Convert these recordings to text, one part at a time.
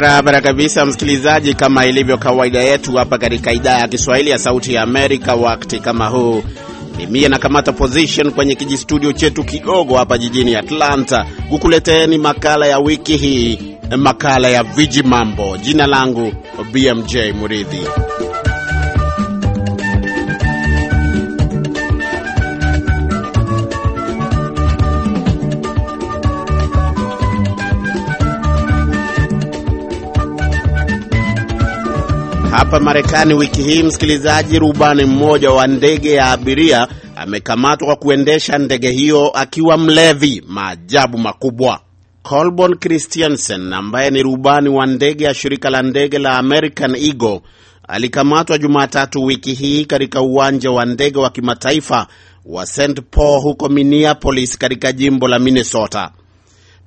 Barabara kabisa, msikilizaji, kama ilivyo kawaida yetu hapa katika idhaa ya Kiswahili ya Sauti ya Amerika, wakati kama huu ni mie nakamata position kwenye kijistudio chetu kidogo hapa jijini Atlanta kukuleteeni makala ya wiki hii, makala ya viji mambo. Jina langu BMJ Muridhi. Hapa Marekani wiki hii, msikilizaji, rubani mmoja wa ndege ya abiria amekamatwa kwa kuendesha ndege hiyo akiwa mlevi. Maajabu makubwa. Colborn Christiansen ambaye ni rubani wa ndege ya shirika la ndege la American Eagle alikamatwa Jumatatu wiki hii katika uwanja wa ndege wa kimataifa wa St Paul huko Minneapolis katika jimbo la Minnesota.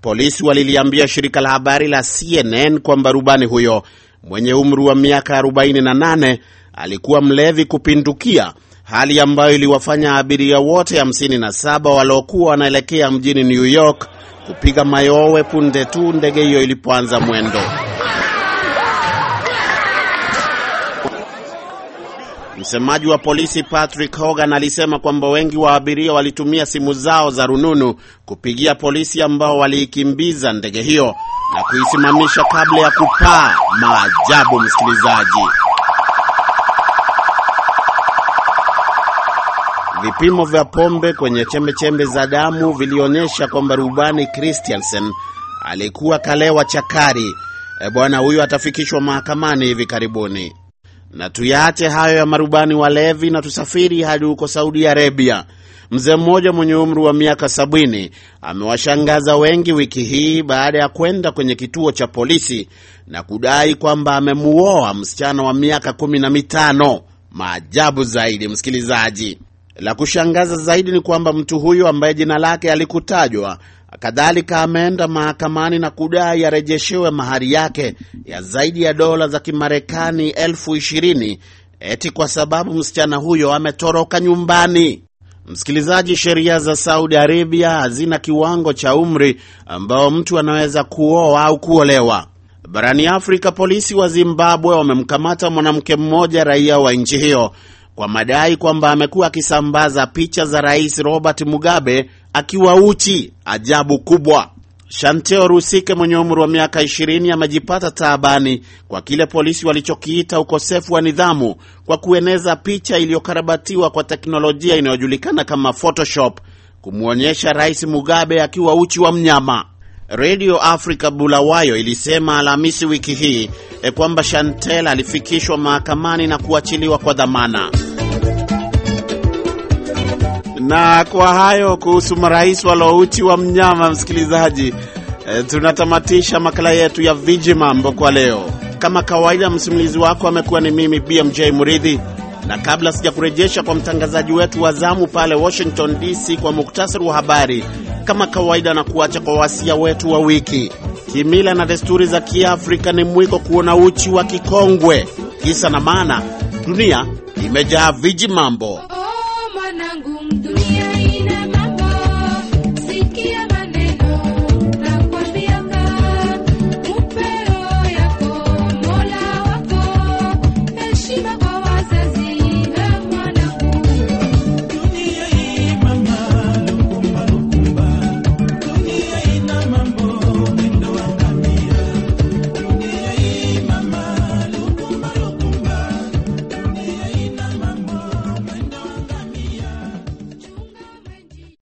Polisi waliliambia shirika la habari la CNN kwamba rubani huyo mwenye umri wa miaka 48 alikuwa mlevi kupindukia, hali ambayo iliwafanya abiria wote 57 waliokuwa wanaelekea mjini New York kupiga mayowe punde tu ndege hiyo ilipoanza mwendo. Msemaji wa polisi Patrick Hogan alisema kwamba wengi wa abiria walitumia simu zao za rununu kupigia polisi ambao waliikimbiza ndege hiyo na kuisimamisha kabla ya kupaa. Maajabu, msikilizaji. Vipimo vya pombe kwenye chembechembe za damu vilionyesha kwamba rubani Christiansen alikuwa kalewa chakari. E, bwana huyo atafikishwa mahakamani hivi karibuni. Na tuyaache hayo ya marubani walevi na tusafiri hadi huko Saudi Arabia. Mzee mmoja mwenye umri wa miaka sabini amewashangaza wengi wiki hii baada ya kwenda kwenye kituo cha polisi na kudai kwamba amemuoa msichana wa miaka kumi na mitano. Maajabu zaidi, msikilizaji, la kushangaza zaidi ni kwamba mtu huyo ambaye jina lake alikutajwa Kadhalika ameenda mahakamani na kudai arejeshewe mahari yake ya zaidi ya dola za Kimarekani elfu ishirini eti kwa sababu msichana huyo ametoroka nyumbani. Msikilizaji, sheria za Saudi Arabia hazina kiwango cha umri ambao mtu anaweza kuoa au kuolewa. Barani Afrika, polisi wa Zimbabwe wamemkamata mwanamke mmoja raia wa nchi hiyo kwa madai kwamba amekuwa akisambaza picha za Rais Robert Mugabe akiwa uchi. Ajabu kubwa! Shanteo Rusike mwenye umri wa miaka 20 amejipata taabani kwa kile polisi walichokiita ukosefu wa nidhamu kwa kueneza picha iliyokarabatiwa kwa teknolojia inayojulikana kama Photoshop kumwonyesha Rais Mugabe akiwa uchi wa mnyama. Radio Africa Bulawayo ilisema Alhamisi wiki hii e, kwamba Chantel alifikishwa mahakamani na kuachiliwa kwa dhamana. Na kwa hayo kuhusu marais walouchi wa mnyama, msikilizaji, e, tunatamatisha makala yetu ya Viji Mambo kwa leo. Kama kawaida, msimulizi wako amekuwa ni mimi BMJ Muridhi, na kabla sijakurejesha kwa mtangazaji wetu wa zamu pale Washington DC kwa muktasari wa habari kama kawaida na kuacha kwa wasia wetu wa wiki. Kimila na desturi za Kiafrika ni mwiko kuona uchi wa kikongwe. Kisa na maana, dunia imejaa viji mambo. Oh, manangu, dunia.